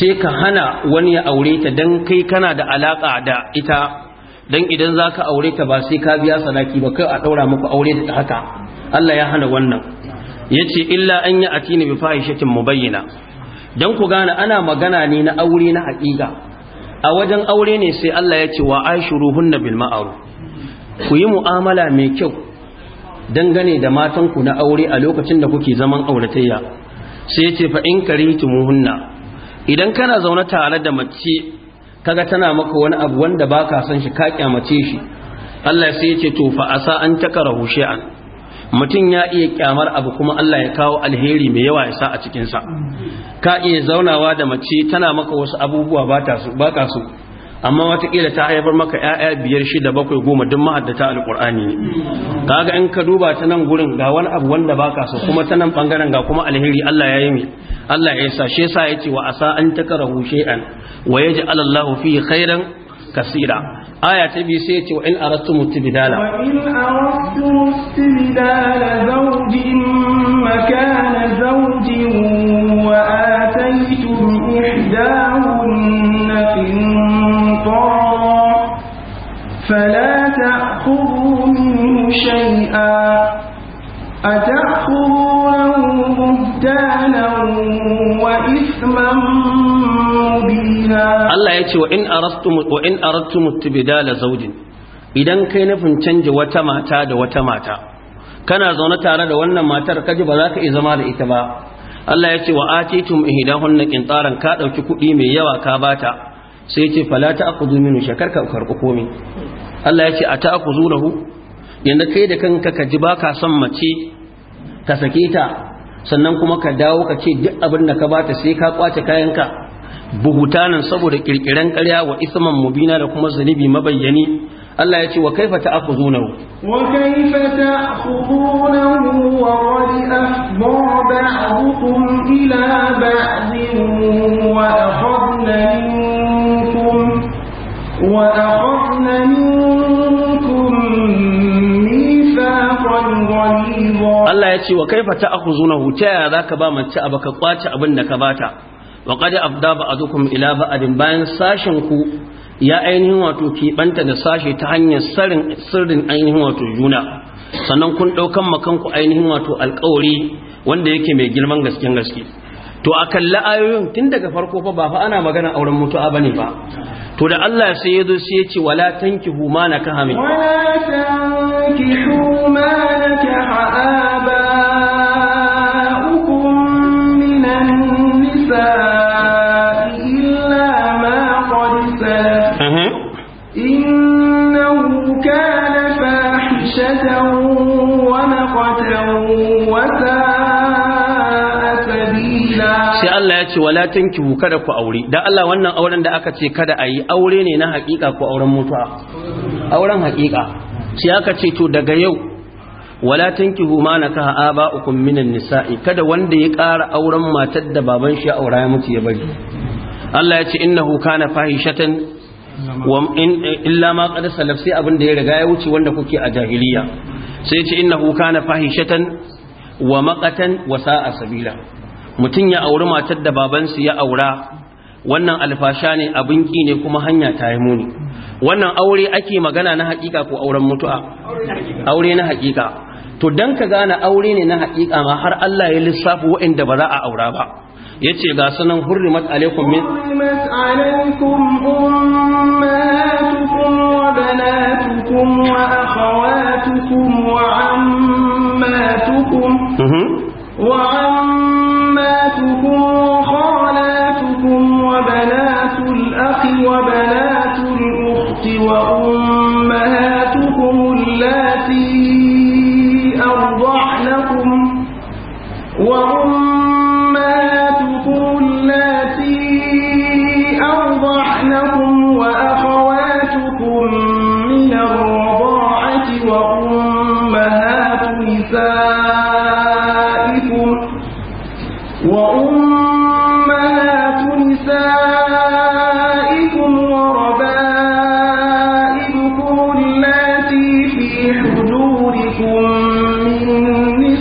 sai ka hana wani ya aure ta dan kai kana da alaƙa da ita dan idan zaka aure ta ba sai ka biya sadaki ba kai a ɗaura muku aure ta haka Allah ya hana wannan yace illa an ya atina bi fahishatin mubayyana dan ku gane ana magana ne na aure na haƙiƙa a wajen aure ne sai Allah ya ce wa aishuruhunna bil ma'ruf ku yi mu'amala mai kyau dangane da matanku na aure a lokacin da kuke zaman auratayya sai ya ce fa in hunna idan kana zaune tare da mace kaga tana maka wani abu wanda baka san shi ka kyamace shi Allah sai ya ce to fa an an takrahu an. mutum ya iya kyamar abu kuma Allah ya kawo alheri mai yawa ya sa a cikinsa ka iya zaunawa da mace tana maka wasu abubuwa ba ka so amma watakila ta haifar maka ‘ya'ya biyar shida bakwai goma don ma'addata alƙur'ani ne kaga in ka duba ta nan gurin ga wani abu wanda ba ka so kuma ta nan ɓangaren ga kuma alheri Allah ya yi mai Allah ya sa shi sa ya ce wa asa an takarahu shay'an wa alallahu fihi khairan كثيرا آية تبي سيتي وإن أردتم التبدال وإن أردتم استبدال زوج مكان زوج وآتيتم إحداهن قنطارا فلا تأخذوا منه شيئا أتأخذونه بهتانا وإثما Allah ya ce wa in arastu wa in aradtum idan kai nufin canja wata mata da wata mata kana zaune tare da wannan matar kaji ba za ka iya zama da ita ba Allah ya ce wa atitum ihdahunna tsaran ka ɗauki kuɗi mai yawa ka bata sai ya ce fala ta'khudhu minu shakar ka karɓi komi Allah ya ce a ta'khudhu lahu yanda kai da kanka ka ji baka son mace ka sake ta sannan kuma ka dawo ka ce duk abin da ka bata sai ka kwace kayanka buhutanan saboda kirkiran ƙarya wa isman mubina da kuma zunubi mabayyani Allah ya ce wa kaifa ta'khudunahu wa kaifa ta'khudunahu wa qad ahbara ba'dukum ila ba'din wa akhadna minkum wa akhadna minkum mithaqan ghaliza Allah ya ce wa kaifa ta'khudunahu ta ya zaka ba mace abaka kwace abin da ka bata wa qad afda ba'dukum ila ba'din bayan sashen ku ya ainihin wato kibanta da sashe ta hanyar sirrin sirrin ainihin wato juna sannan kun daukan makanku ainihin wato alƙawari wanda yake mai girman gasken gaske to a kalla ayoyin tun daga farko fa ba fa ana magana auren mutu'a bane ba. to da Allah sai ya zo sai ya ce wala tankihu huma na min wala tankihu ma nakaha sai Allah ya ce wala tankihu kada ku aure dan Allah wannan auren da aka ce kada ayi aure ne na hakika ko auren mutuwa auren hakika sai aka ce to daga yau wala tankihu ma ba aba'ukum minan nisa'i kada wanda ya kara auren matar da baban shi ya aura ya mutu ya bari Allah ya ce innahu kana fahishatan wa illa ma qad salaf sai abin da ya riga ya wuce wanda kuke a jahiliya sai ce innahu kana fahishatan wa makatan wasa a sabila Mutum ya auri matar da babansu ya aura wannan alfasha ne abin ki ne kuma hanya ta yi muni wannan aure ake magana na hakika ko auren mutu'a aure na hakika to dan ka gane aure ne na hakika ma har Allah ya lissafi waɗanda ba za a aura ba yace ga sunan hurrimat alaikum min hurrimat وبناتكم وأخواتكم وعماتكم وعماتكم وخالاتكم وبنات الأخ وبنات الأخت وأم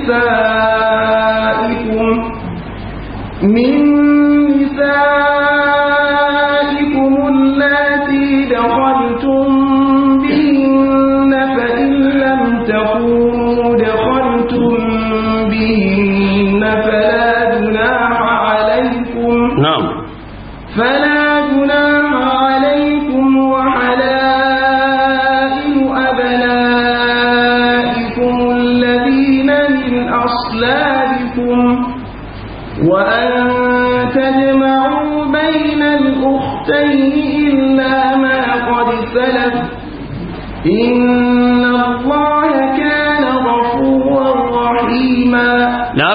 نسائكم من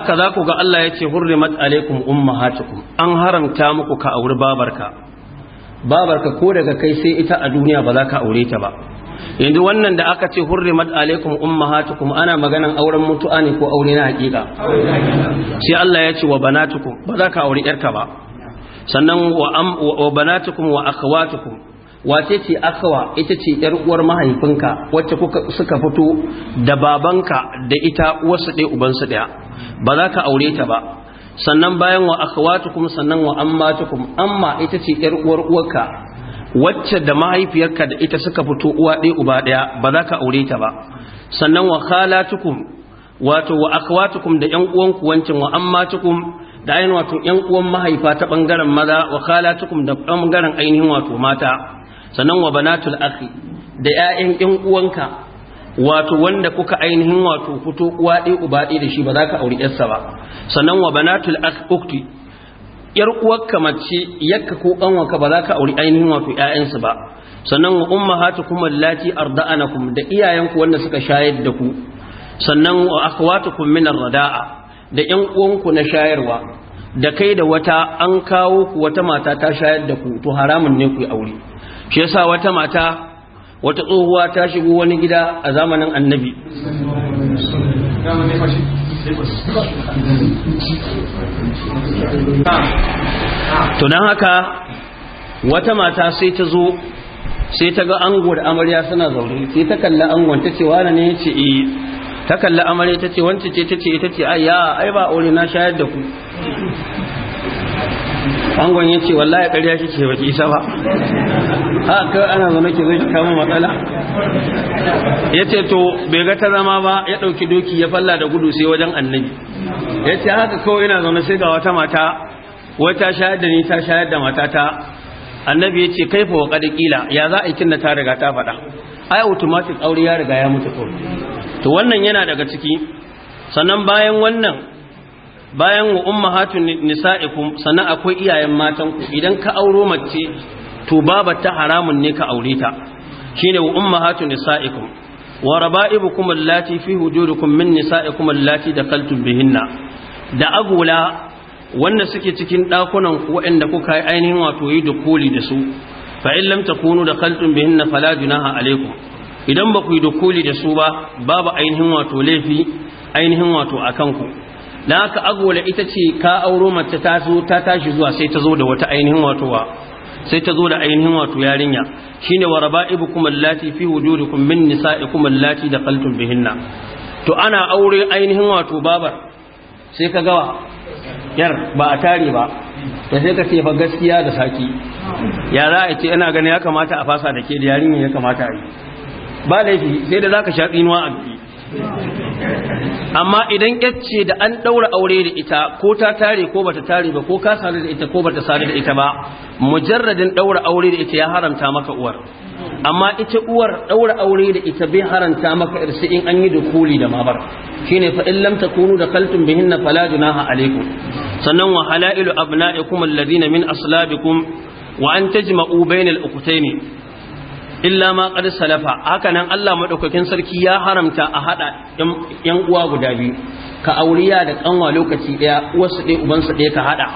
haka za ku ga Allah ya ce hurrimat alaikum ummahatukum an haramta muku ka auri babarka babarka ko daga kai sai ita a duniya ba za ka aure ta ba yanzu wannan da aka ce hurrimat alaikum ummahatukum ana maganan auren mutu'a ne ko aure na hakika sai Allah ya ce wa banatukum ba za ka aure yarka ba sannan wa banatukum wa akhawatukum wace ce akawa ita ce yar uwar mahaifinka wacce kuka suka fito da babanka da ita wasu ɗaya su ɗaya ba za ka aure ta ba sannan bayan wa akhawatukum sannan wa ammatukum amma ita ce yar uwar uwarka wacce da mahaifiyarka da ita suka fito uwa ɗaya uba ɗaya ba za ka aure ta ba sannan wa khalatukum wato wa akhawatukum da yan uwanku wancin wa ammatukum da ainihin wato ‘yan uwan mahaifa ta ɓangaren maza wa khalatukum da ɓangaren ainihin wato mata sannan wa banatul akhi da ƴaƴan ƴan uwanka wato wanda kuka ainihin wato fito uwa ɗaya uba ɗaya da shi ba za ka auri ƴarsa ba sannan wa banatul Yar ƴar uwarka mace yakka ko ƙanwanka ba za ka auri ainihin wato ƴaƴansu ba sannan wa ummahatukum allati arda'anakum da iyayenku wanda suka shayar da ku sannan wa akhawatukum min ar-rada'a da ƴan uwanku na shayarwa da kai da wata an kawo ku wata mata ta shayar da ku to haramun ne ku yi aure shi yasa wata mata wata tsohuwa ta shigo wani gida a zamanin annabi to don haka wata mata sai ta zo sai ta ga ango da amarya suna zaune sai ta kalla angon ta ce wani ne ce e ta kalla amarya ta ce wancan ce ta ce ita ce ai ya ai ba aure na shayar da ku angon ya ce wallahi ƙarya kike baki isa ba ha kai ana zaune ke zai kama matsala ya ce to bai ga ta zama ba ya ɗauki doki ya falla da gudu sai wajen annabi ya ce haka kawai ina zaune sai ga wata mata wata shayar da ni ta shayar da matata annabi ya ce kai fa wa ƙila ya za a yi ta riga ta faɗa ai automatic aure ya riga ya mutu to wannan yana daga ciki sannan bayan wannan bayan wa hatun nisa'ikum sannan akwai iyayen matan ku idan ka auro mace to baba ta haramun ne ka aure ta shine wa hatun nisa'ikum wa raba'ibukum allati fi hujurikum min nisa'ikum allati dakaltum bihinna da agula wanda suke cikin dakunan ku waɗanda kuka yi ainihin wato yi dukuli da su fa in lam takunu dakaltum bihinna fala junaha alaikum idan ba ku yi dukuli da su ba babu ainihin wato laifi ainihin wato akan ku na ka agwala ita ce ka auro mace ta zo ta tashi zuwa sai ta zo da wata ainihin wato wa sai ta zo da ainihin wato yarinya shine wa raba'ibukum allati fi wujudikum min nisa'ikum allati daqaltum bihinna to ana aure ainihin wato babar sai ka gawa yar ba a tare ba da sai ka ce fa gaskiya da saki ya za a ce ina ganin ya kamata a fasa da ke da yarinya ya kamata a yi ba laifi sai da zaka sha tsinuwa a biki amma idan yacce da an ɗaura aure da ita ko ta tare ko bata tare ba ko ka sadu da ita ko bata sadu da ita ba mujarradin ɗaura aure da ita ya haramta maka uwar amma ita uwar ɗaura aure da ita bai haramta maka irsi in an yi dukuli da mabar shine fa in lam takunu da kaltum bihinna fala junaha alaikum sannan wa halailu abna'ikum alladhina min aslabikum wa an tajma'u bainal uqtayn illa ma qad salafa hakanan Allah madaukakin sarki ya haramta a hada yan uwa guda biyu ka auriya da kanwa lokaci daya dai uban ubansu dai ka hada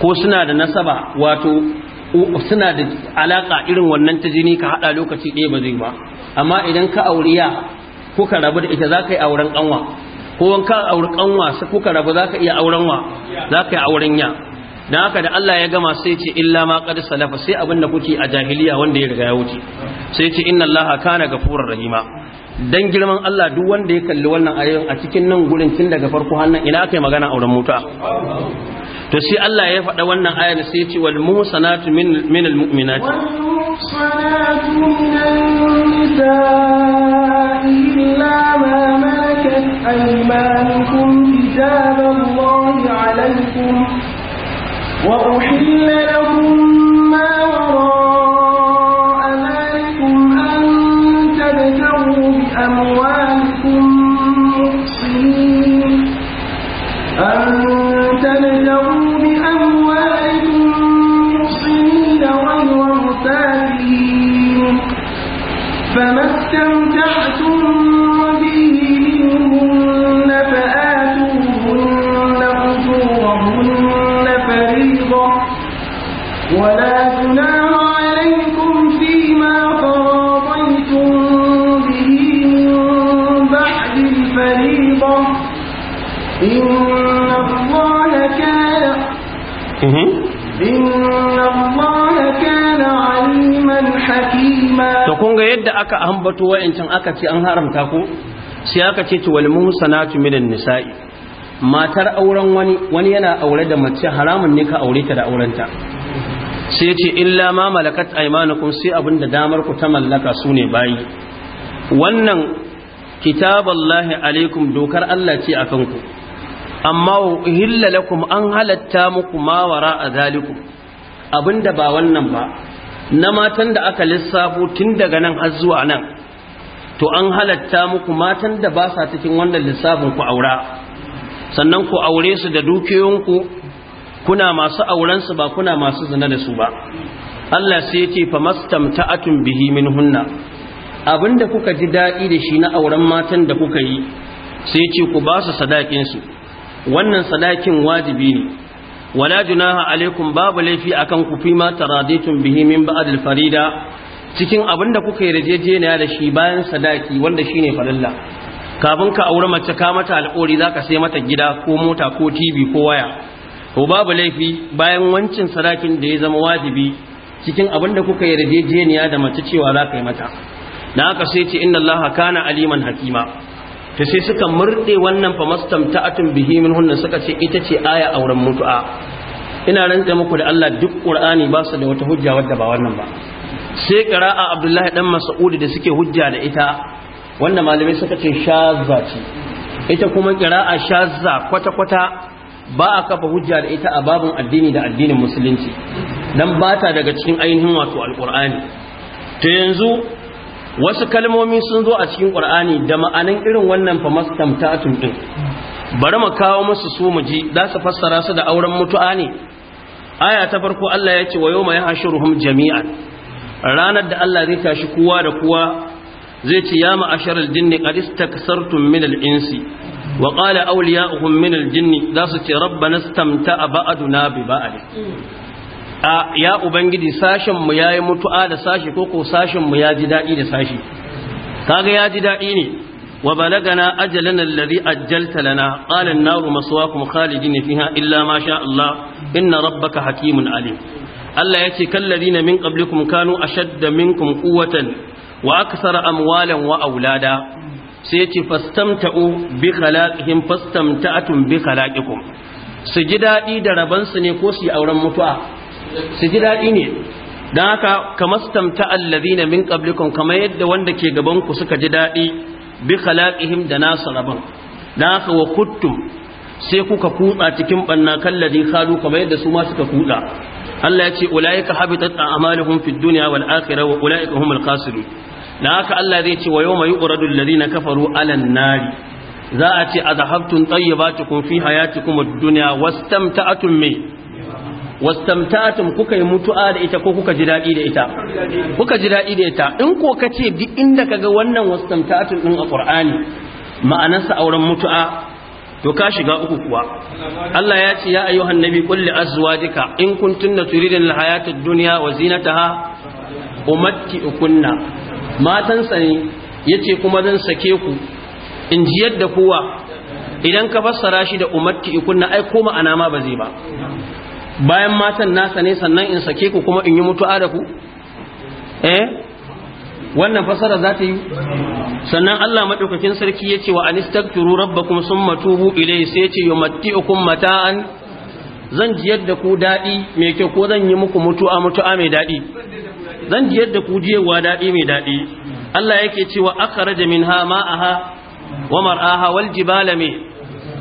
ko suna da nasaba wato suna da alaka irin wannan ta jini ka hada lokaci ɗaya ba zai ba amma idan ka auriya kuka rabu da ita za ka yi auren kanwa ko wanka auren kanwa kuka rabu za ka iya auren wa za ka yi auren ya dan haka da Allah ya gama sai ce illa ma qad salafa sai abin da kuke a jahiliya wanda ya riga ya wuce sai ce inna Allaha kana gafurur rahima dan girman Allah duk wanda ya kalli wannan ayoyin a cikin nan gurin tun daga farko hannan ina kai magana auren muta to sai Allah ya faɗa wannan ayar sai ce wal musanatu min al mu'minati wal musanatu min aka ce an haramta ku sai aka ce to wal muhsanatu minan nisa'i matar auren wani wani yana aure da mace haramun ne ka aure ta da aurenta sai ce illa ma malakat aymanukum sai abinda damar ku ta mallaka sune bayi wannan kitaballahi alaikum dokar Allah ce akan ku amma uhilla lakum an halatta muku ma wara a zalikum abinda ba wannan ba na matan da aka lissafo tun daga nan har zuwa nan to an halatta muku matan da ba sa cikin wannan lissafin ku aura sannan ku aure su da dukiyoyinku kuna masu aurensu ba kuna masu zina da su ba Allah sai yace fa mastamta'atun bihi hunna. abinda kuka ji daɗi da shi na auren matan da kuka yi sai ce ku ba su sadakin su wannan sadakin wajibi ne wala junaha alaikum babu laifi akan ku fi ma taraditun bihi min ba'd al-farida cikin abin da kuka yarjejeniya da shi bayan sadaki wanda shi ne falalla kafin ka aure mace ka mata alƙori ka sai mata gida ko mota ko TV ko waya ko babu laifi bayan wancin sadakin da ya zama wajibi cikin abin da kuka yarjejeniya da mace cewa ka yi mata Na aka sai ce inna allaha kana aliman hakima ta sai suka murɗe wannan fa mastamta'atun bihi minhunna suka ce ita ce aya auren mutu'a ina rantsa muku da Allah duk Qur'ani ba su da wata hujja wadda ba wannan ba sai a abdullahi dan Masa'udi da suke hujja da ita wanda malamai suka ce shazza ce ita kuma a shazza kwata kwata ba a kafa hujja da ita a babun addini da addinin musulunci dan bata daga cikin ainihin wato alqur'ani to yanzu wasu kalmomi sun zo a cikin Ƙur'ani da ma'anin irin wannan fa tun din bari mu kawo musu su mu ji za su fassara su da auren mutu'a ne aya ta farko Allah ya ce wa yawma yahshuruhum jami'an ranar da Allah zai tashi kowa da kowa zai ce ya ma'asharal jinni qad istaksartum min al-insi wa qala awliya'uhum min al-jinni za su ce rabbana istamta'a ba'duna bi ba'd a ya ubangiji sashin mu yayi mutu'a da sashi ko ko sashin mu ya ji dadi da sashi kaga ya ji dadi ne wa balagana ajalana alladhi ajjalta lana qala an-naru maswaakum khalidin fiha illa ma sha Allah inna rabbaka hakimun alim Allah ya ce kallazina min qablikum kanu a ashadda minkum kuwatan wa akthara amwalan wa aulada sai ya ce fastamta'u bi khalaqihim fastamta'atum bi khalaqikum su ji daɗi da rabansu ne ko su yi auren mutuwa? su ji daɗi ne don haka kamastamta allazina min qablikum kamar yadda wanda ke gaban ku suka ji daɗi. bi khalaqihim da nasu rabon don haka wa kuttum sai kuka kutsa cikin banna kalladi khalu kamar yadda su ma suka kutsa Allah ya ce ulaika habitat a'maluhum fid dunya wal akhirah wa ulaika humul khasirun dan haka Allah zai ce wa yawma yuqradu alladhina kafaru alan nari za a ce azhabtum tayyibatukum fi hayatikum ad-dunya wastamta'tum bi wastamta'tum kuka yi mutu'a da ita ko kuka ji dadi da ita kuka ji dadi da ita in ko kace duk inda kaga wannan wastamta'tum din a Kur'ani? ma'anarsa auren mutu'a to ka shiga uku kuwa Allah ya ce ya ayyuhan nabi qul li azwajika in kuntunna turidun alhayatad dunya wa zinataha u'kunna. matan sani yace kuma zan sake ku in ji yadda kowa idan ka fassara shi da u'kunna ai ko ma'ana ma ba zai ba bayan matan nasa ne sannan in sake ku kuma in yi mutu'a da ku eh wannan fasara za ta yi sannan Allah madaukakin sarki ya ce wa anistaghfiru rabbakum summa tubu ilayhi sai ya ce yumatti'ukum mata'an zan jiyar da ku dadi mai kyau ko zan yi muku mutu'a mutu'a mai dadi zan jiyar da ku jiyewa dadi mai dadi Allah yake cewa akhraja minha ma'aha wa mar'aha wal jibala me?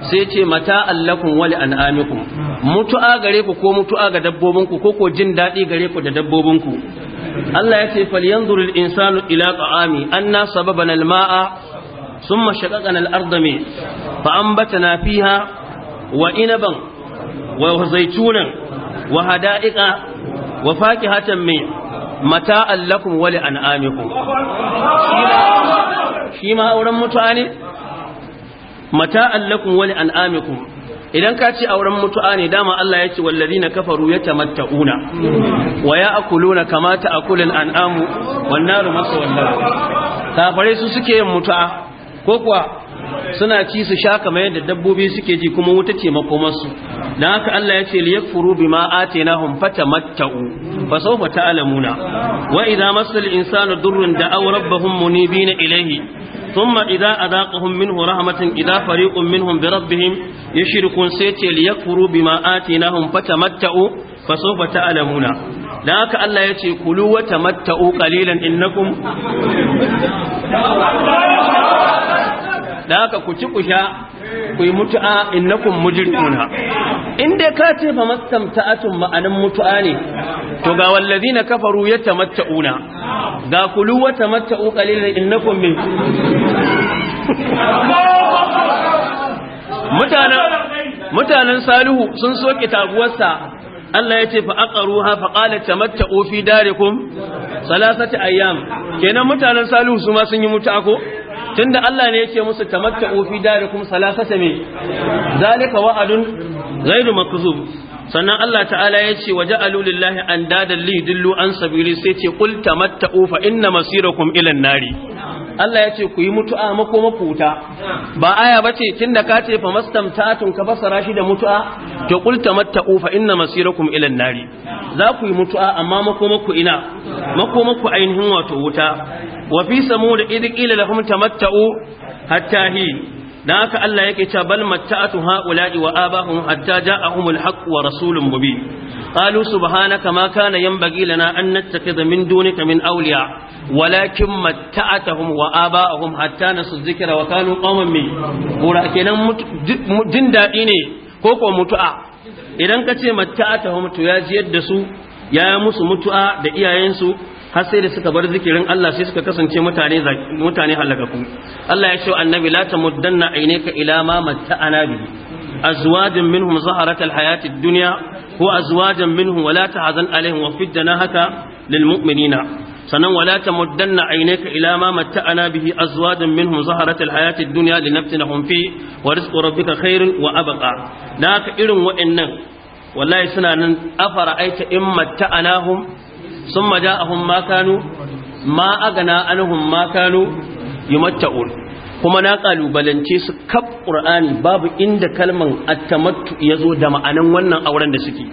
sai ce mata'an lakum wal an'amikum mutu'a gare ku ko mutu'a ga dabbobinku ko ko jin dadi gare ku da dabbobinku Allah ya ce falyanzur al-insanu ila ta'ami anna sababana al-ma'a thumma shaqaqana al-ardha min fa anbatana fiha wa inaban wa zaytunan wa hada'iqa wa fakihatan min mata'an lakum wa li'an'amikum shi ma auren mutane mata'an lakum wa li'an'amikum idan ka ce auren mutu'a ne dama Allah ya ce wallazina kafaru yatamatta'una wa ya'kuluna kama ta'kulul an'amu wan naru masawalla kafare su suke yin mutu'a ko kuwa suna ci su sha kamar yadda dabbobi suke ji kuma wuta ce makomarsu dan haka Allah ya ce liyakfuru bima atainahum fatamatta'u fa sawfa ta'lamuna wa idza masal insanu durrun da'a rabbahum munibina ilayhi thumma idza adaqahum minhu rahmatan idza fariqun minhum bi rabbihim yushrikun sai ce liyakfuru bima atinahum fatamatta'u fasawfa ta'lamuna dan haka Allah ya ce kulu wa tamatta'u ku ci ku sha mutu'a innakum mujrimuna in dai ka ce fa mastamta'atun ma'anan mutu'a ne to ga wallazina kafaru yatamatta'una ga kulu wa tamatta'u qalilan innakum min mutanen salihu sun soke taguwarsa Allah ya ce fa faƙalar tamatta ofi dare kun salasati ayyam kenan mutanen salihu su ma sun yi mutu ako Tunda Allah ne ya ce musu tamatta ofi dare kun mai zalika wa'adun gairu makuzub sannan Allah ta'ala ya ce waje alulillahi an dadan dillu an sabiri sai ce kul tamatta ofa inna masirakum ilan nari Allah ya ce ku yi mutu'a mako wuta. ba aya ba ce tun da ka ce fa mastamtatun ka basara shi da mutu'a to kulta matta'u fa inna masirakum ilan nari za ku yi mutu'a amma mako maku ina mako maku ainihin wato wuta wa fi samud idh qila lahum tamatta'u hatta hi, da haka Allah yake cewa bal matta'atu ha'ula'i wa abahum hatta ja'ahumul haqq wa rasulun mubin قالوا سبحانك ما كان ينبغي لنا أن نتخذ من دونك من أولياء ولكن متعتهم وآباءهم حتى نسوا الذكر وكانوا قوما من ولكن جن دائني كوكو متعة إذن كتي متعتهم تياجي الدسو يا مسو متعة دئيا ينسو har sai da suka bar zikirin Allah sai suka kasance mutane mutane halakaku Allah ya ce annabi la tamuddanna aynaka ila ma matta'ana bihi أزواجا منهم زهرة الحياة الدنيا هو أزواجا منهم ولا تحزن عليهم وفد جناحك للمؤمنين سنن ولا تمدن عينيك إلى ما متأنا به أزواجا منهم زهرة الحياة الدنيا لنفتنهم فيه ورزق ربك خير وأبقى ذاك إرم وإنن والله سنة أفرأيت إن متأناهم ثم جاءهم ما كانوا ما أغنى عنهم ما كانوا يمتعون kuma na kalubalance su kaf qur'ani babu inda kalman ya zo da ma'anan wannan auren da suke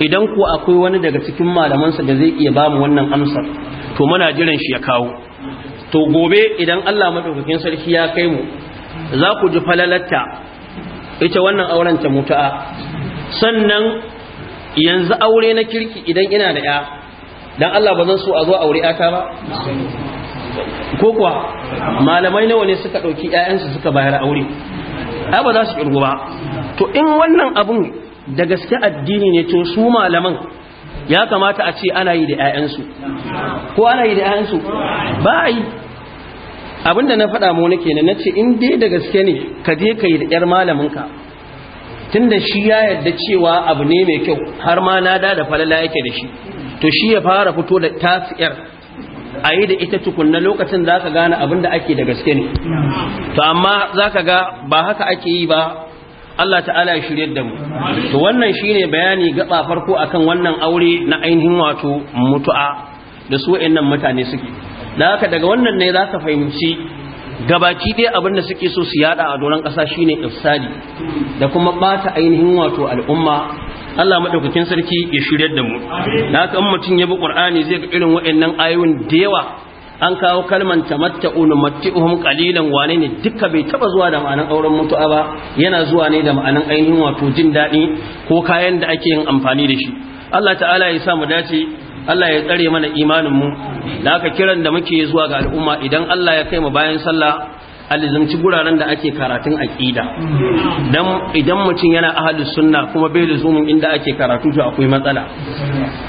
idan ku akwai wani daga cikin malamansa da zai iya bamu wannan amsar to muna jiran shi ya kawo to gobe idan Allah madaukakin sarki ya kai mu za ku ji falalatta ita wannan auren ta mutu'a sannan yanzu aure na kirki idan ina da ya dan Allah ba zan so a zo aure ta ba ko kuwa malamai nawa ne suka ɗauki 'ya'yansu suka bayar aure ai ba za su kirgu ba to in wannan abun da gaske addini ne to su malaman ya kamata a ce ana yi da 'ya'yansu ko ana yi da 'ya'yansu ba yi abinda na faɗa mu kenan na ce in dai da gaske ne ka je ka yi da 'yar malaminka tunda shi ya yarda cewa abu ne mai kyau har ma na da da falala yake da shi to shi ya fara fito da tasiyar a yi da ita tukunna lokacin za ka gane abin da ake da gaske ne to amma za ka ga ba haka ake yi ba Allah ta'ala ya shirye da mu to wannan shine bayani gaba farko akan wannan aure na ainihin wato mutu'a da su wayennan mutane suke da haka daga wannan ne za ka fahimci gabaki dai abin da suke so su yada a doron kasa shine ifsadi da kuma bata ainihin wato al'umma Allah madaukakin sarki ya shiryar da mu na haka in mutum ya bi qur'ani zai ga irin wa'annan ayoyin da yawa an kawo kalman tamatta'u numatti'uhum qalilan wane ne duka bai taba zuwa da ma'anan auren mutu'a ba yana zuwa ne da ma'anan ainihin wato jin daɗi ko kayan da ake yin amfani da shi Allah ta'ala ya sa mu dace Allah ya tsare mana imanin mu da haka kiran da muke zuwa ga al'umma idan Allah ya kai mu bayan sallah alizumci guraren da ake karatun aƙida dan idan mutum yana ahlus sunna kuma bai luzumin inda ake karatu to akwai matsala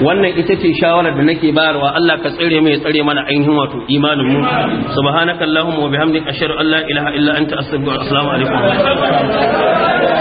wannan ita ce shawarar da nake bayarwa Allah ka tsare ya tsare mana ainihin wato imanin mu subhanakallahumma wa bihamdika ashhadu an la ilaha illa anta astaghfiruka wa atubu alaikum.